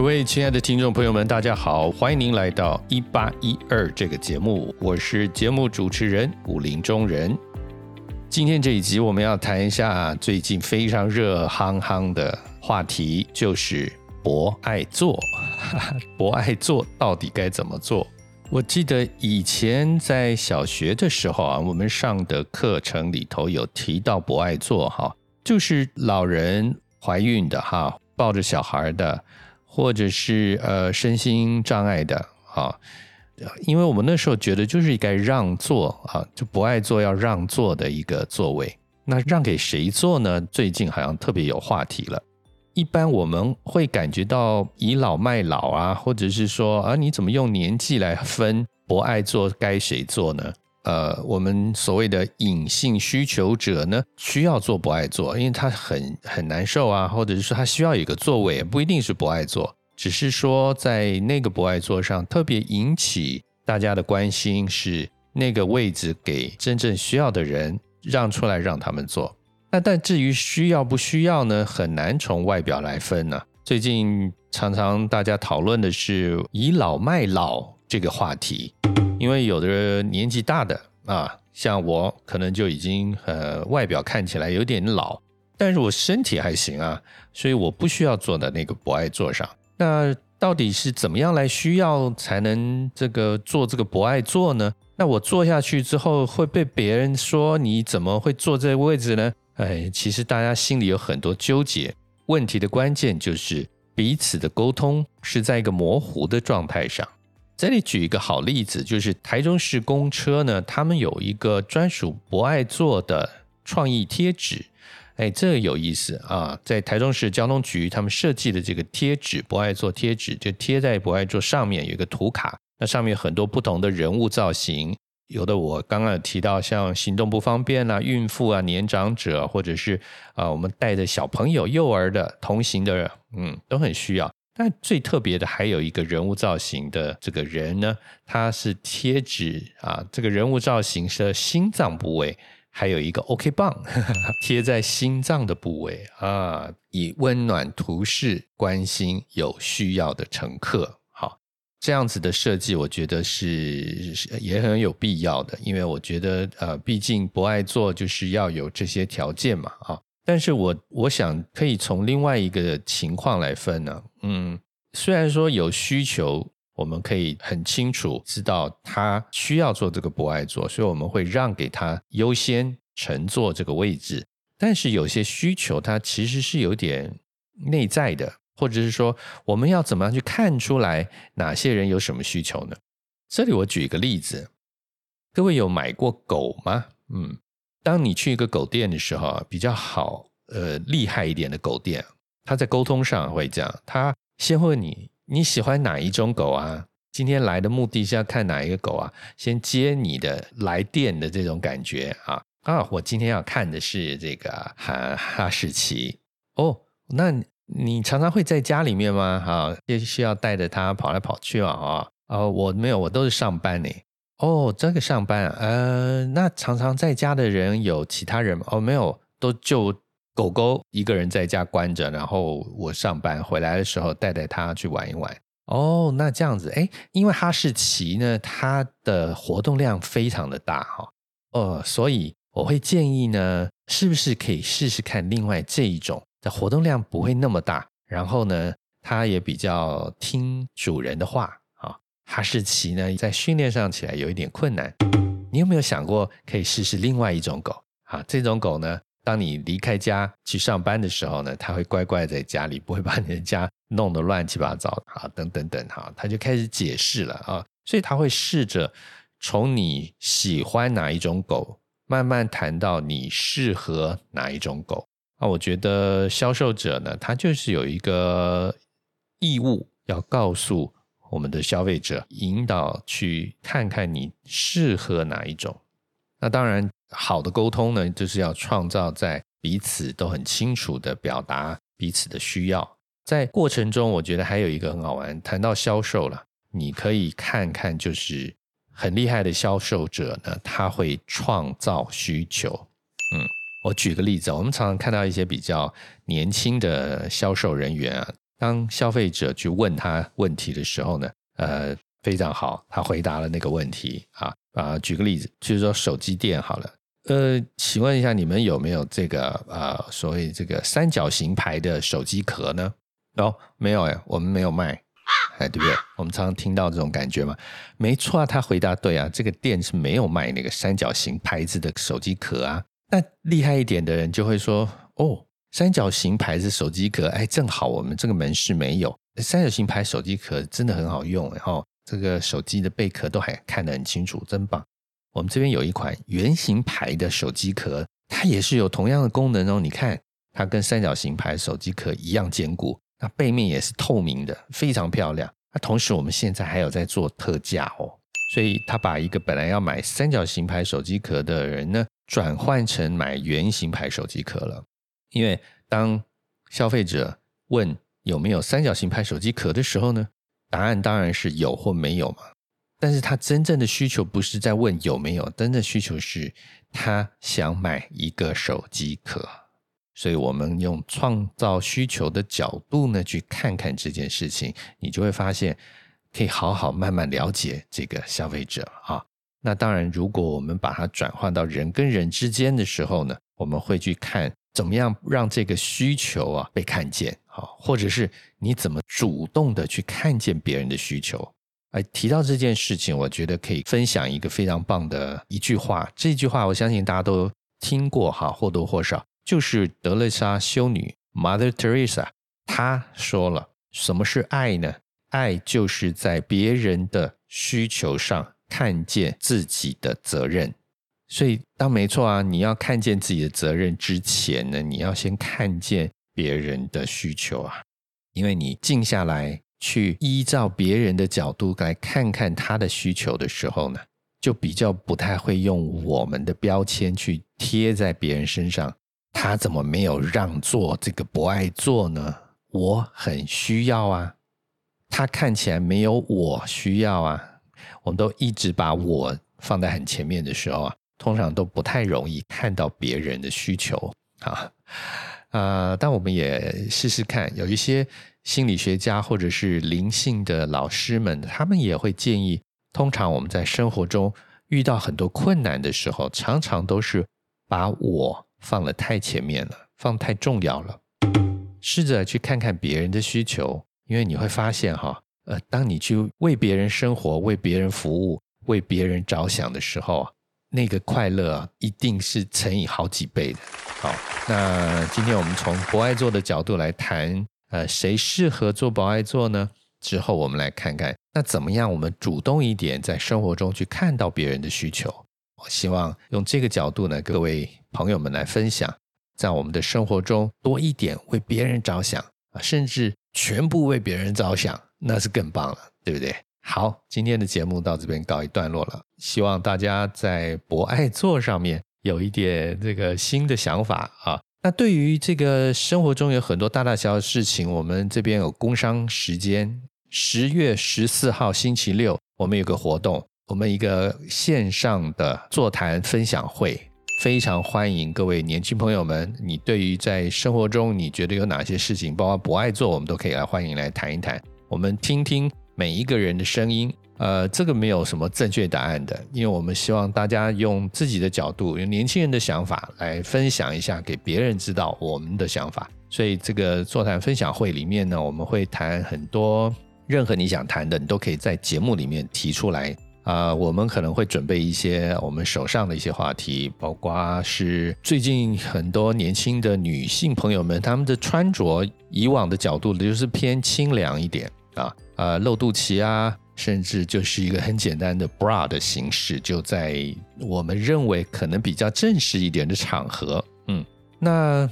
各位親愛的聽眾朋友們，大家好，歡迎您來到一八一二這個節目，我是節目主持人武林中人。今天這一集我們要談一下最近非常熱夯夯的話題，就是博愛座，博 愛座到底該怎麼做？我記得以前在小學的時候啊，我們上的課程裡頭有提到博愛座，哈，就是老人懷孕的哈，抱着小孩的。或者是呃身心障礙的啊，因為我們那時候覺得就是應該讓座啊，就博愛座要讓座的一個座位，那讓給誰坐呢？最近好像特別有話題了。一般我們會感覺到倚老賣老啊，或者是說啊，你怎麼用年紀來分博愛座該誰坐呢？呃，我們所謂的隱性需求者呢，需要坐博愛座，因為他很很難受啊，或者是說他需要一個座位，不一定是博愛座，只是說在那個博愛座上特別引起大家的關心，是那個位置給真正需要的人讓出來讓他們坐。那但至於需要不需要呢，很難從外表來分呢、啊。最近常常大家討論的是倚老賣老，這個話題，因為有的人年紀大的啊，像我可能就已經呃，外表看起來有點老，但是我身體還行啊，所以我不需要坐在那個博愛座上。那到底是怎麼樣來需要才能這個坐這個博愛座呢？那我坐下去之後會被別人說你怎麼會坐這個位置呢？哎，其實大家心裡有很多糾結。問題的關鍵就是彼此的溝通是在一個模糊的狀態上。這裡舉一個好例子，就是台中市公車呢，他們有一個專屬博愛座的創意貼紙，哎，這個有意思啊！在台中市交通局他們設計的這個貼紙，博愛座貼紙就貼在博愛座上面，有一個圖卡，那上面有很多不同的人物造型，有的我剛剛有提到，像行動不方便啊、孕婦啊、年長者，或者是啊我們帶着小朋友、幼兒的同行的人，嗯，都很需要。那最特別的還有一個人物造型的這個人呢，他是貼紙啊，這個人物造型是心臟部位，還有一個 OK 棒，哈哈哈，貼在心臟的部位啊，以溫暖圖示關心有需要的乘客。好，這樣子的設計我覺得是，是也很有必要的，因為我覺得呃，畢竟博愛座就是要有這些條件嘛啊。但是我我想可以從另外一個情況來分呢，啊。嗯，雖然說有需求，我們可以很清楚知道他需要做這個博愛座，所以我們會讓給他優先乘坐這個位置。但是有些需求，它其實是有點內在的，或者是說我們要怎麼樣去看出來哪些人有什麼需求呢？這裡我舉一個例子，各位有買過狗嗎？嗯，當你去一個狗店的時候，比較好，呃，厲害一點的狗店。他在溝通上會這樣，他先問你，你喜歡哪一種狗啊？今天來的目的是要看哪一個狗啊？先接你的來電的這種感覺啊啊！我今天要看的是這個哈哈士奇哦。那你，你常常會在家裡面嗎？哈、啊，需要帶着它跑來跑去啊啊！哦，我沒有，我都是上班呢。哦，這個上班，啊。嗯、呃，那常常在家的人有其他人嗎？哦，沒有，都就。狗狗一個人在家關着，然後我上班回來的時候帶帶它去玩一玩。哦，那這樣子，哎，因為哈士奇呢，它的活動量非常的大哈，呃、哦，所以我會建議呢，是不是可以試試看另外這一種的活動量不會那麼大，然後呢，它也比較聽主人的話啊、哦。哈士奇呢，在訓練上起來有一點困難，你有沒有想過可以試試另外一種狗啊、哦？這種狗呢？當你離開家去上班的時候呢，他會乖乖在家裡，不會把你的家弄得亂七八糟啊，等等等哈，他就開始解釋了啊，所以他會試着從你喜歡哪一種狗，慢慢談到你適合哪一種狗。啊，我覺得銷售者呢，他就是有一個義務要告訴我們的消費者，引導去看看你適合哪一種。那當然。好的溝通呢，就是要創造在彼此都很清楚地表達彼此的需要。在過程中，我覺得還有一個很好玩，談到銷售了，你可以看看，就是很厲害的銷售者呢，他會創造需求。嗯，我舉個例子，我們常常看到一些比較年輕的銷售人員啊，當消費者去問他問題的時候呢，呃，非常好，他回答了那個問題啊啊，呃，舉個例子，就是說手機店好了。呃，請問一下，你們有沒有這個呃，所謂這個三角形牌的手機殼呢？哦，沒有哎、欸，我們沒有賣，哎，對不對？我們常常聽到這種感覺嘛，沒錯啊，他回答對啊，這個店是沒有賣那個三角形牌子的手機殼啊。那厲害一點的人就會說，哦，三角形牌子手機殼，哎，正好我們這個門市沒有。三角形牌手機殼真的很好用，欸，然、哦、後這個手機的背殼都還看得很清楚，真棒。我們這邊有一款圓形牌的手機殼，它也是有同樣的功能哦，你看，它跟三角形牌手機殼一樣堅固，那背面也是透明的，非常漂亮。那同時，我們現在還有在做特價哦，所以它把一個本來要買三角形牌手機殼的人呢，轉換成買圓形牌手機殼了。因為當消費者問有沒有三角形牌手機殼的時候呢，答案當然是有或沒有嘛。但是他真正的需求不是在問有沒有，真正的需求是他想買一個手機殼，所以我們用創造需求的角度呢，去看看這件事情，你就會發現可以好好慢慢了解這個消費者啊。那當然，如果我們把它轉換到人跟人之間的時候呢，我們會去看怎麼樣讓這個需求啊被看見啊，或者是你怎麼主動的去看見別人的需求。哎，提到這件事情，我覺得可以分享一個非常棒的一句話。這一句話我相信大家都聽過哈，或多或少就是德肋撒修女 Mother Teresa，她說了：“什麼是愛呢？愛就是在別人的需求上看見自己的責任。”所以，當沒錯啊，你要看見自己的責任之前呢，你要先看見別人的需求啊，因為你靜下來。去依照別人的角度來看看他的需求的時候呢，就比較不太會用我們的標籤去貼在別人身上。他怎麼沒有讓座？這個博愛座呢？我很需要啊！他看起來沒有我需要啊！我們都一直把我放在很前面的時候啊，通常都不太容易看到別人的需求啊。啊、呃，但我們也試試看，有一些。心理學家或者是靈性的老師們，他們也會建議：通常我們在生活中遇到很多困難的時候，常常都是把我放得太前面了，放太重要了。試着去看看別人的需求，因為你會發現，哈，呃，當你去為別人生活、為別人服務、為別人着想的時候，那個快樂一定是乘以好幾倍的。好，那今天我們從博愛座的角度來談。呃，誰適合坐博愛座呢？之後我們來看看，那怎麼樣？我們主動一點，在生活中去看到別人的需求。我希望用這個角度呢，各位朋友們來分享，在我們的生活中多一點為別人着想啊，甚至全部為別人着想，那是更棒了，對不對？好，今天的節目到這邊告一段落了，希望大家在博愛座上面有一點這個新的想法啊。那對於這個生活中有很多大大小小的事情，我們這邊有工商時間，十月十四號星期六，我們有個活動，我們一個線上的座談分享會，非常歡迎各位年輕朋友們。你對於在生活中你覺得有哪些事情，包括博愛座，我們都可以來歡迎來談一談，我們聽聽。每一個人的聲音，呃，這個沒有什麼正確答案的，因為我們希望大家用自己的角度，用年輕人的想法來分享一下，給別人知道我們的想法。所以這個座談分享會裡面呢，我們會談很多，任何你想談的，你都可以在節目裡面提出來啊，呃。我們可能會準備一些我們手上的一些話題，包括是最近很多年輕的女性朋友們，她們的穿着以往的角度就是偏清涼一點啊。呃，露肚臍啊，甚至就是一個很簡單的 bra 的形式，就在我們認為可能比較正式一點的場合，嗯，那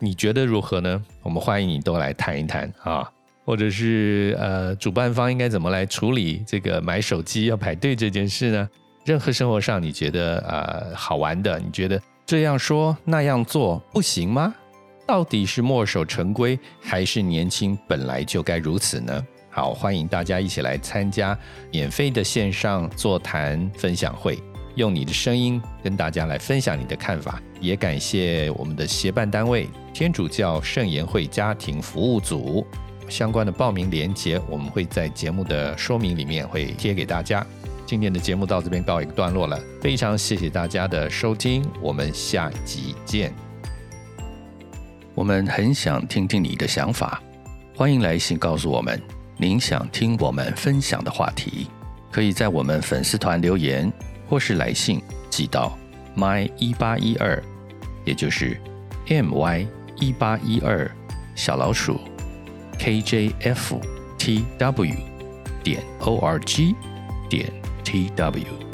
你覺得如何呢？我們歡迎你都來談一談啊，或者是呃，主辦方應該怎麼來處理這個買手機要排隊這件事呢？任何生活上你覺得呃好玩的，你覺得這樣說那樣做不行嗎？到底是墨守成規，還是年輕本來就該如此呢？好，歡迎大家一起來參加免費的線上座談分享會，用你的聲音跟大家來分享你的看法。也感謝我們的協辦單位——天主教聖言會家庭服務組。相關的報名鏈接，我們會在節目的說明裡面會貼給大家。今天的節目到這邊告一個段落了，非常謝謝大家的收聽，我們下一集見。我們很想聽聽你的想法，歡迎來信告訴我們。您想聽我們分享的話題，可以在我們粉絲團留言，或是來信寄到 my 一八一二，也就是 my 一八一二小老鼠 kjftw 點 org 點 tw。